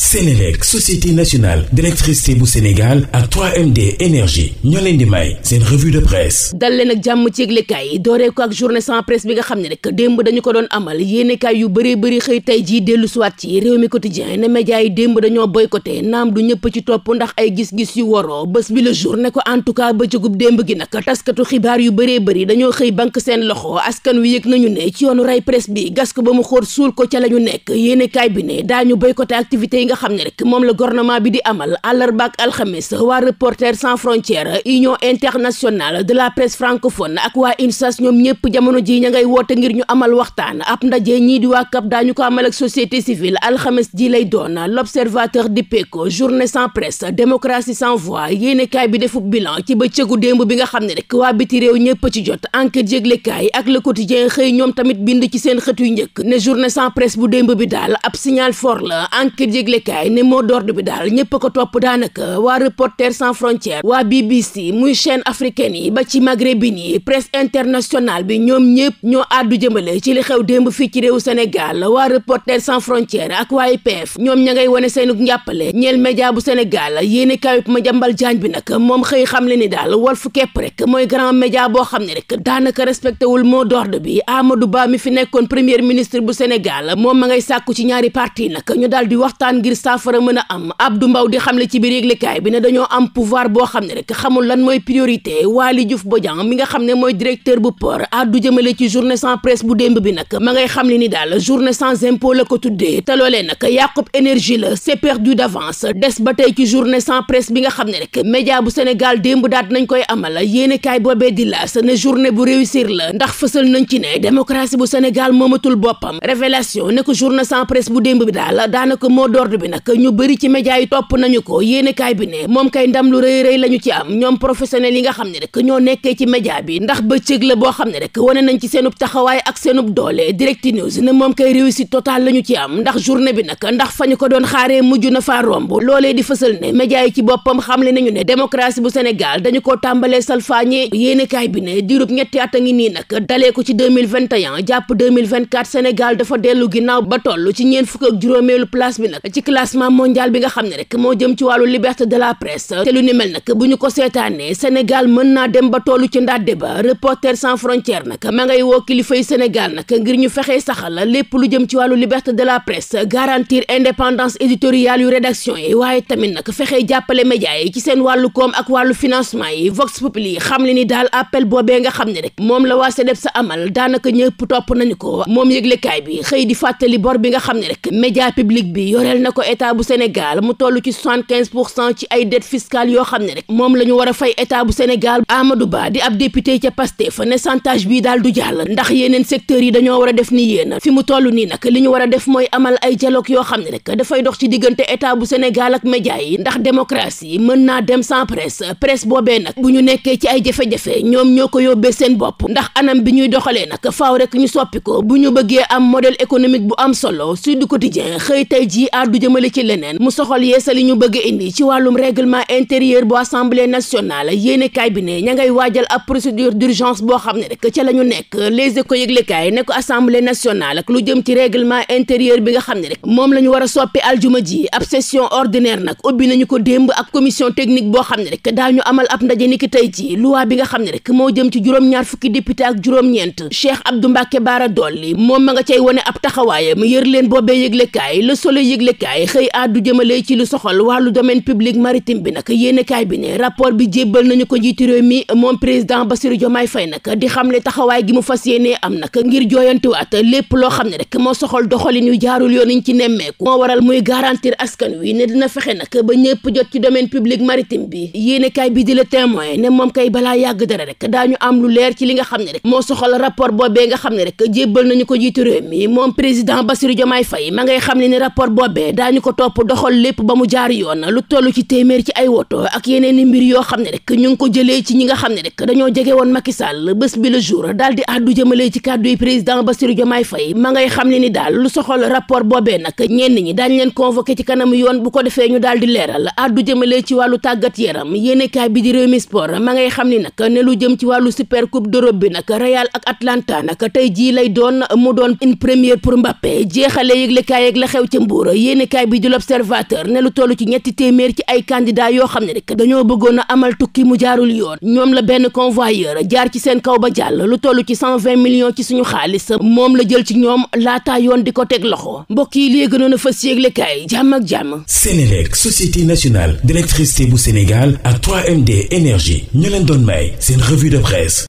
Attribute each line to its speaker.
Speaker 1: Sénélec société nationale d'électricité bu Sénégal ak 3MD énergie ñoo leen di may seen revue de presse dal leen ak jàmm ci yëglekaay yi dooree ko ak journée sans presse bi nga xam ne rek démb dañu ko doon amal yéenekaay yu bëree bëri xëy tey jii dellu siwaat ci réew mi quotidien ne média yi démb dañoo boycotté naam du ñëpp ci topp ndax ay gis-gis yu waroo bés bi le jour ne ko en tout cas bëccëgub démb gi nag taskatu xibaar yu bëree bëri dañoo xëy bank seen loxo askan wi yëg nañu ne ci yoonu ray presse bi gas ko ba mu xóor suul ko ca la ñu nekk yéenekaay bi ne daañu nga xam ne rek moom la gouvernement bi di amal àllarba ak waa reporter sans frontières union internationale de la presse francophone ak waa UNSAS ñoom ñëpp jamono ji ña ngay woote ngir ñu amal waxtaan ab ndaje ñii di waa CAP daañu ko amal ak société civile alxames ji lay doon l'observateur di peko journée sans presse démocratie sans voix yéenekaay bi defub bilan ci bëccëgu démb bi nga xam ne rek waa biti réew ñëpp ci jot enquête yëglekaay ak le quotidien xëy ñoom tamit ci njëkk ne journée sans bu démb yéenekaay ne mot d'ordre bi daal ñépp a ko topp daanaka waa Reporters sans frontières waa BBC muy chaîne africaine yi ba ci maghrébin yi presse internationale bi ñoom ñépp ñoo àddu jëmale ci li xew démb fii ci réew Sénégal waa Reporters sans frontières ak waa IPF ñoom ña ngay wane seenug njàppale ñeel média bu Sénégal yéenekaay ma jàmbal jaañ bi nag moom xëy xam le ni daal Walf képp rek mooy grand média boo xam ne rek daanaka respecté wul mot d'ordre bi a mi bu Sénégal maanaam ngir saafara mën a am Abdou Mbaw di xamle ci biir yëglekaay bi ne dañoo am pouvoir boo xam ne rek xamul lan mooy priorité Waly Diouf Bodiang mi nga xam ne mooy directeur bu port addu jëmale ci journée sans presse bu démb bi nag ma ngay xam le ni daal journée sans impôt la ko tuddee te loolee nag yàqub énergie la c'est perdu d'avance des ba tey ci journée sans presse bi nga xam ne rek média bu Sénégal démb daat nañ koy amal yéenekaay boobee di laas la ndax fësal ci ne démocratie bu Sénégal moomatul boppam révélation ne ko journée sans presse bu démb corde bi nag ñu bëri ci média yi topp nañu ko yéene bi ne moom kay ndam lu rëy rëy la ñu ci am ñoom professionnels yi nga xam ne rek ñoo nekkee ci média bi ndax bëccëg la boo xam ne rek wane nañ ci seenub taxawaay ak seenub doole direct news ne moom kay réussite totale la ñu ci am ndax journée bi nag ndax fañu ko doon xaaree mujj na faa romb loolee di fësal ne média yi ci boppam xam xamle nañu ne démocratie bu Sénégal dañu koo tàmbalee salfaañe yéene kaay bi ne diirub ñetti at a ngi nii nag dalee ko ci 2021 jàpp 2024 Sénégal dafa dellu ginnaaw ba toll ci ñeen fukk ak juróomeelu place bi nag ci classement mondial bi nga xam ne rek moo jëm ci wàllu liberté de la presse te lu ni nag bu ñu ko seetaanee Sénégal mën naa dem ba tollu ci ndàdde ba Reporters sans frontières nag ma ngay woo kilifay Sénégal nag ngir ñu fexee saxal lépp lu jëm ci wàllu liberté de la presse garantir indépendance éditoriale yu rédaction yi waaye tamit nag fexee jàppale média yi ci seen wàllu koom ak wàllu financement yi Vox Populi yi xam le ni daal appel boobee nga xam ne rek moom na ko état bu Sénégal mu toll ci soixante-quinze pour cent ci yoo xam ne rek moom la ñu war a fay état bu Sénégal Amadou Ba di ab député ca Pastef ne chantage bii daal du jàll ndax yeneen secteurs yi dañoo war a def ni yéen fi mu toll nii nag li ñu war a def mooy amal ay dialogue yoo xam ne rek dafay dox ci diggante état bu Sénégal ak média yi ndax démocratie mën naa dem sans presse presse boobee nag bu ñu nekkee ci ay jafe-jafe ñoom ñoo ko yóbbee seen bopp ndax anam bi ñuy doxalee nag faaw rekk ñu soppi ko bu ñu bëggee am modèle économique bu am solo addu jëmale ci leneen mu soxol yeesali ñu bëgg indi ci wàllum règlement intérieur bu assemblée nationale yéene kaay bi ne ña waajal ab procédure d'urgence boo xam ne rek ca la ñu nekk les éco yëglekaay ne ko assemblée nationale ak lu jëm ci règlement intérieur bi nga xam ne rek moom la ñu war a soppi aljuma ji ab session ordinaire nag ubbi nañu ko démb ak commission technique boo xam ne rek daañu amal ab ndaje niki tey ji loi bi nga xam ne rek moo jëm ci juróom-ñaar fukki député ak juróom-ñeent Cheikh Abdou Mbacke Bara Dolli moom ma nga cay wone ab taxawaayam kaay xëy addu jëmale ci lu soxal wàllu domaine public maritime bi nag yéene kaay bi ne rapport bi jébbal nañu ko njiitu réew mi moom président Bassirou Diomaye fay nag di xam ne taxawaay gi mu fas yéenee am nag ngir jooyantiwaat lépp loo xam ne rek moo soxal doxalin yu jaarul yoon ñu ci nemmeeku moo waral muy garantir askan wi ne dina fexe nag ba ñëpp jot ci domaine public maritime bi yéene kaay bi di la témoin ne moom kay balaa yàgg dara rek daañu am lu leer ci li nga xam ne rek moo soxal rapport boobee nga xam ne rek jébbal nañu ko njiitu réew mi moom président Bassirou Diomaye Faye ma ngay xam ne rapport boobee daañu ko topp doxol lépp ba mu jaar yoon lu toll ci téeméer ci ay woto ak yeneen i mbir yoo xam ne rek ñu ngi ko jëlee ci ñi nga xam ne rek dañoo jege woon Macky Sall bés bi le jour daal di àddu jëmale ci kàddu yi président Bassirou Diomaye Faye ma ngay xam ne ni daal lu soxal rapport boobee nag ñenn ñi daañ leen convoqué ci kanam yoon bu ko ñu daal leeral àddu jëmale ci wàllu tàggat yaram yéenekaay bi di Rewmi ma ngay xam ni nag ne lu jëm ci wàllu super coupe d'Europe bi nag Real ak Atlanta naka tey jii lay doon mu doon in première pour Mbappé jeexale yëglekaay kaay ak la xew ca Mbour yéene kaay bi di l'observateur ne lu toll ci ñetti téeméer ci ay candidat yoo xam ne rek dañoo bëggoon a amal tukki mu jaarul yoon ñoom la benn convoyeur jaar ci seen kaw ba jàll lu toll ci cent vingt millions ci suñu xaalis moom la jël ci ñoom laataa yoon di ko teg loxo mbokk yi léegi gënoon a fës yéeglekaay jàmm ak jàmm. Sénélec société nationale d'électricité bu Sénégal ak 3MD énergie ñu leen doon may seen revue de presse.